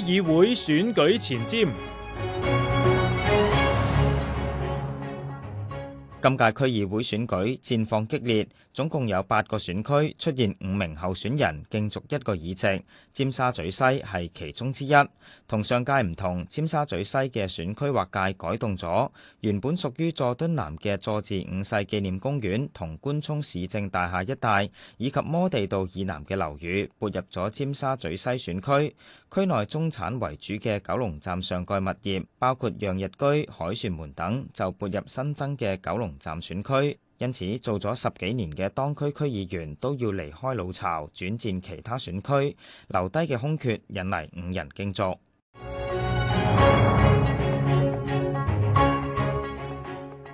議會選舉前瞻。今屆區議會選舉戰況激烈，總共有八個選區出現五名候選人競逐一個議席。尖沙咀西係其中之一。同上屆唔同，尖沙咀西嘅選區劃界改動咗，原本屬於佐敦南嘅佐治五世紀念公園同官涌市政大廈一帶，以及摩地道以南嘅樓宇，撥入咗尖沙咀西選區。區內中產為主嘅九龍站上蓋物業，包括漾日居、凱旋門等，就撥入新增嘅九龍站選區，因此做咗十幾年嘅當區區議員都要離開老巢，轉戰其他選區，留低嘅空缺引嚟五人競逐。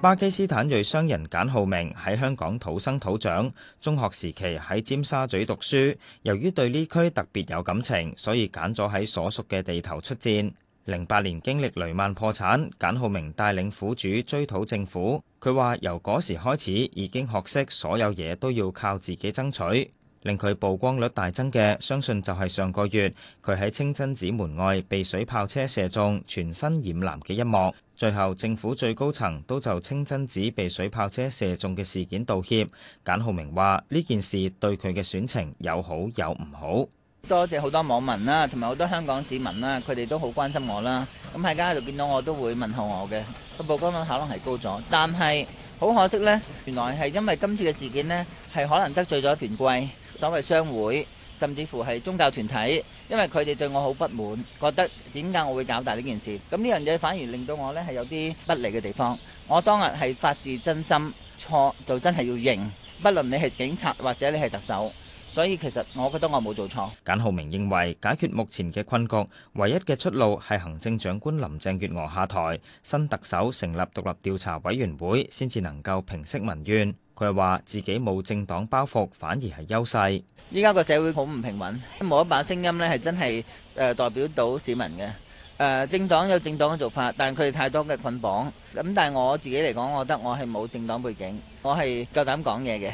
巴基斯坦裔商人簡浩名喺香港土生土長，中學時期喺尖沙咀讀書，由於對呢區特別有感情，所以揀咗喺所屬嘅地頭出戰。零八年經歷雷曼破產，簡浩名帶領苦主追討政府。佢話：由嗰時開始，已經學識所有嘢都要靠自己爭取。令佢曝光率大增嘅，相信就係上個月佢喺清真寺門外被水炮車射中，全身染藍嘅一幕。最後政府最高層都就清真寺被水炮車射中嘅事件道歉。簡浩名話：呢件事對佢嘅選情有好有唔好。多謝好多網民啦，同埋好多香港市民啦，佢哋都好關心我啦。咁喺街度見到我都會問候我嘅。個曝光率可能係高咗，但係好可惜呢，原來係因為今次嘅事件呢，係可能得罪咗權貴，所謂商會，甚至乎係宗教團體，因為佢哋對我好不滿，覺得點解我會搞大呢件事？咁呢樣嘢反而令到我呢係有啲不利嘅地方。我當日係發自真心，錯就真係要認，不論你係警察或者你係特首。所以其實我覺得我冇做錯。簡浩名認為解決目前嘅困局，唯一嘅出路係行政長官林鄭月娥下台，新特首成立獨立調查委員會，先至能夠平息民怨。佢話自己冇政黨包袱，反而係優勢。依家個社會好唔平穩，冇一把聲音咧係真係代表到市民嘅。誒、呃、政黨有政黨嘅做法，但係佢哋太多嘅捆綁。咁但係我自己嚟講，我覺得我係冇政黨背景，我係夠膽講嘢嘅。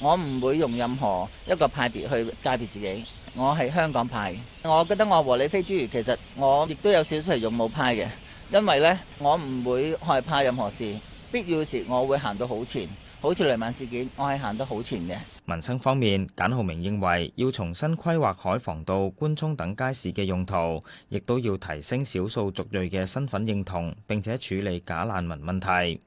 我唔會用任何一個派別去界別自己，我係香港派。我覺得我和理非豬，其實我亦都有少少係用武派嘅，因為呢，我唔會害怕任何事，必要時我會行到好前，好似雷曼事件，我係行到好前嘅。民生方面，簡浩名認為要重新規劃海防道、官涌等街市嘅用途，亦都要提升少數族裔嘅身份認同，並且處理假難民問題。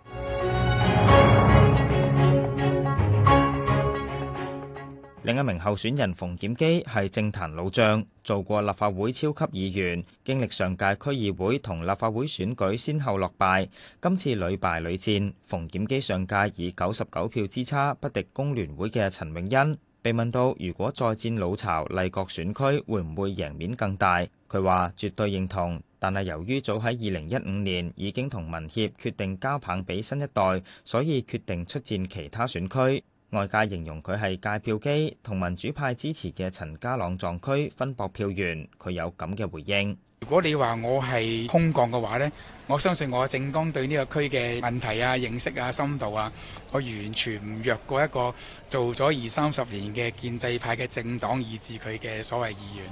另一名候選人馮檢基係政壇老將，做過立法會超級議員，經歷上屆區議會同立法會選舉先後落敗。今次屢敗屢戰，馮檢基上屆以九十九票之差不敵工聯會嘅陳永欣。被問到如果再戰老巢麗閣選區會唔會贏面更大？佢話絕對認同，但係由於早喺二零一五年已經同民協決定交棒俾新一代，所以決定出戰其他選區。外界形容佢係界票機同民主派支持嘅陳嘉朗撞區分薄票源，佢有咁嘅回應。如果你話，我係空降嘅話，呢我相信我政綱對呢個區嘅問題啊、認識啊、深度啊，我完全唔弱過一個做咗二三十年嘅建制派嘅政黨，以致佢嘅所謂議員。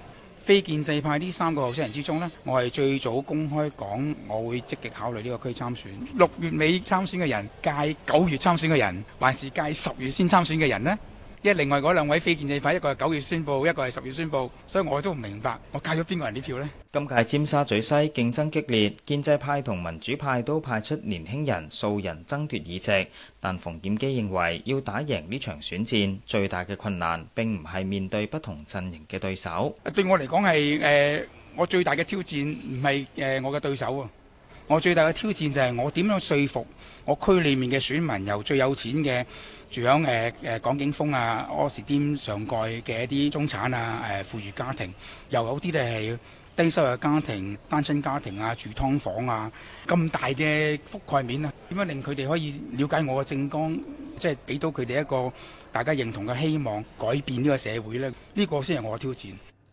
非建制派呢三個候選人之中呢，我係最早公開講，我會積極考慮呢個區參選，六月尾參選嘅人，屆九月參選嘅人，還是屆十月先參選嘅人呢？即係另外嗰兩位非建制派，一個係九月宣佈，一個係十月宣佈，所以我都唔明白，我介咗邊個人啲票呢？今屆尖沙咀西競爭激烈，建制派同民主派都派出年輕人數人爭奪議席。但馮檢基認為，要打贏呢場選戰，最大嘅困難並唔係面對不同陣營嘅對手。對我嚟講係誒，我最大嘅挑戰唔係誒我嘅對手啊。我最大嘅挑戰就係我點樣說服我區裡面嘅選民，由最有錢嘅住喺誒誒港景峰啊、柯士甸上蓋嘅一啲中產啊、誒、呃、富裕家庭，又有啲咧係低收入家庭、單親家庭啊、住劏房啊，咁大嘅覆蓋面啊，點樣令佢哋可以了解我嘅政綱，即係俾到佢哋一個大家認同嘅希望，改變呢個社會咧？呢、這個先係我嘅挑戰。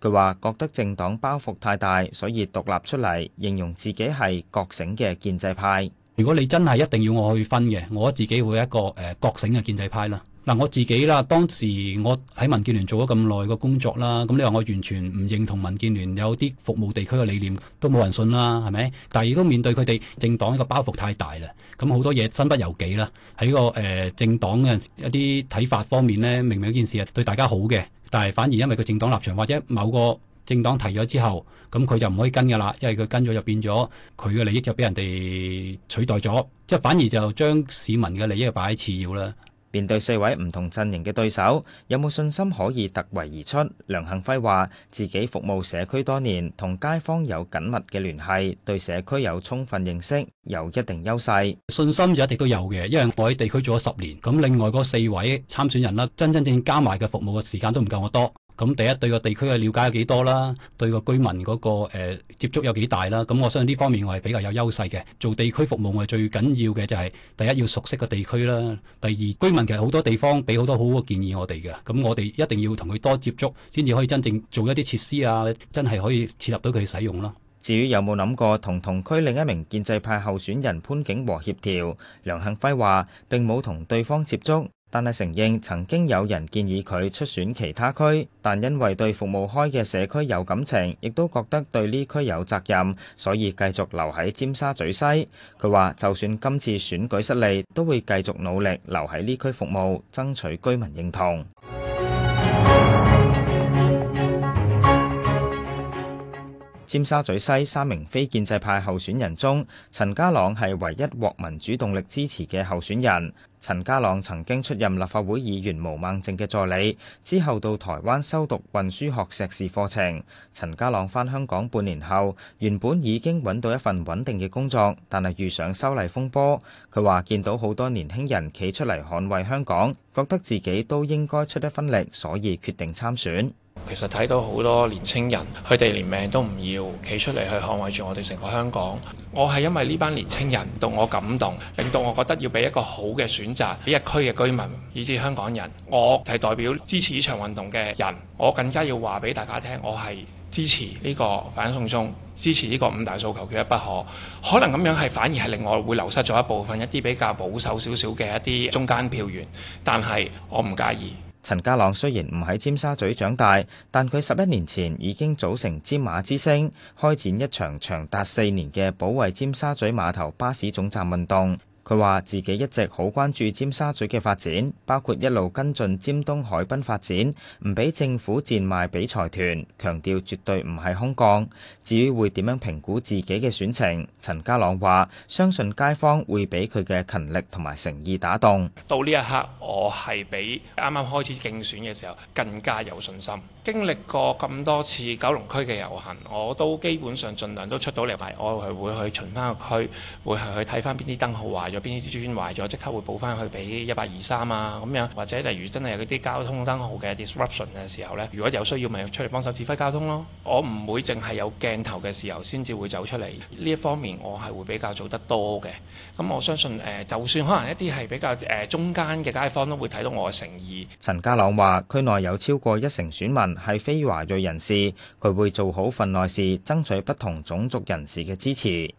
佢話覺得政黨包袱太大，所以獨立出嚟，形容自己係覺醒嘅建制派。如果你真係一定要我去分嘅，我自己會一個誒覺醒嘅建制派啦。嗱，我自己啦，當時我喺民建聯做咗咁耐嘅工作啦，咁你話我完全唔認同民建聯有啲服務地區嘅理念，都冇人信啦，係咪？但係亦都面對佢哋政黨一個包袱太大啦，咁好多嘢身不由己啦。喺個誒、呃、政黨嘅一啲睇法方面呢，明明一件事係對大家好嘅。但係反而因為佢政黨立場，或者某個政黨提咗之後，咁佢就唔可以跟㗎啦，因為佢跟咗就變咗，佢嘅利益就俾人哋取代咗，即係反而就將市民嘅利益擺喺次要啦。面對四位唔同陣營嘅對手，有冇信心可以突圍而出？梁幸輝話：自己服務社區多年，同街坊有緊密嘅聯繫，對社區有充分認識，有一定優勢。信心就一直都有嘅，因為我喺地區做咗十年。咁另外嗰四位參選人啦，真真正加埋嘅服務嘅時間都唔夠我多。咁第一對個地區嘅了解有幾多啦？對個居民嗰個接觸有幾大啦？咁我相信呢方面我係比較有優勢嘅。做地區服務我係最緊要嘅就係第一要熟悉個地區啦，第二居民其實好多地方俾好多好好嘅建議我哋嘅。咁我哋一定要同佢多接觸，先至可以真正做一啲設施啊，真係可以設立到佢使用咯。至於有冇諗過同同區另一名建制派候選人潘景和協調？梁幸輝話並冇同對方接觸。但係承認曾經有人建議佢出選其他區，但因為對服務開嘅社區有感情，亦都覺得對呢區有責任，所以繼續留喺尖沙咀西。佢話就算今次選舉失利，都會繼續努力留喺呢區服務，爭取居民認同。尖沙咀西三名非建制派候選人中，陳嘉朗係唯一獲民主動力支持嘅候選人。陳嘉朗曾經出任立法會議員毛孟靜嘅助理，之後到台灣修讀運輸學碩士課程。陳嘉朗翻香港半年後，原本已經揾到一份穩定嘅工作，但係遇上修例風波，佢話見到好多年輕人企出嚟捍衛香港，覺得自己都應該出一分力，所以決定參選。其實睇到好多年青人，佢哋連命都唔要，企出嚟去捍衞住我哋成個香港。我係因為呢班年青人，到我感動，令到我覺得要俾一個好嘅選擇俾一區嘅居民，以至香港人。我係代表支持呢場運動嘅人，我更加要話俾大家聽，我係支持呢個反送中，支持呢個五大訴求缺一不可。可能咁樣係反而係令我會流失咗一部分一啲比較保守少少嘅一啲中間票源，但係我唔介意。陳嘉朗雖然唔喺尖沙咀長大，但佢十一年前已經組成尖碼之聲，開展一場長達四年嘅保衛尖沙咀碼頭巴士總站運動。佢話自己一直好關注尖沙咀嘅發展，包括一路跟進尖東海濱發展，唔俾政府賤賣俾財團，強調絕對唔係空降。至於會點樣評估自己嘅選情，陳嘉朗話相信街坊會俾佢嘅勤力同埋誠意打動，到呢一刻，我係比啱啱開始競選嘅時候更加有信心。經歷過咁多次九龍區嘅遊行，我都基本上盡量都出到嚟埋，我係會去巡翻個區，會係去睇翻邊啲燈號壞咗，邊啲磚壞咗，即刻會補翻去俾一八二三啊，咁樣或者例如真係有啲交通燈號嘅 disruption 嘅時候咧，如果有需要，咪出嚟幫手指揮交通咯。我唔會淨係有鏡頭嘅時候先至會走出嚟。呢一方面我係會比較做得多嘅。咁我相信誒、呃、就算可能一啲係比較誒、呃、中間嘅街坊都會睇到我嘅誠意。陳嘉朗話區內有超過一成選民。係非華裔人士，佢會做好份內事，爭取不同種族人士嘅支持。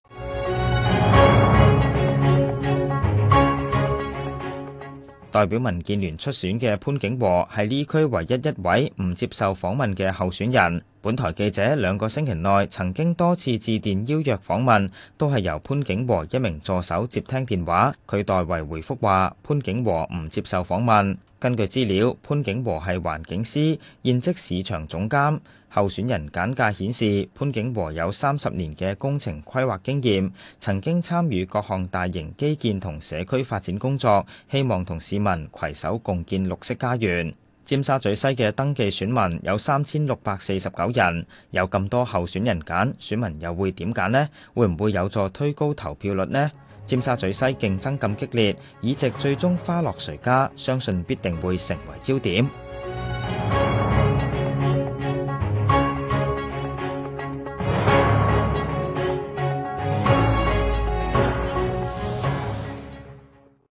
代表民建聯出選嘅潘景和係呢區唯一一位唔接受訪問嘅候選人。本台記者兩個星期內曾經多次致電邀約訪問，都係由潘景和一名助手接聽電話，佢代為回覆話潘景和唔接受訪問。根據資料，潘景和係環境師，現職市場總監。候選人簡介顯示，潘景和有三十年嘅工程規劃經驗，曾經參與各項大型基建同社區發展工作，希望同市民攜手共建綠色家園。尖沙咀西嘅登記選民有三千六百四十九人，有咁多候選人揀，選民又會點揀呢？會唔會有助推高投票率呢？尖沙咀西競爭咁激烈，以至最終花落誰家，相信必定會成為焦點。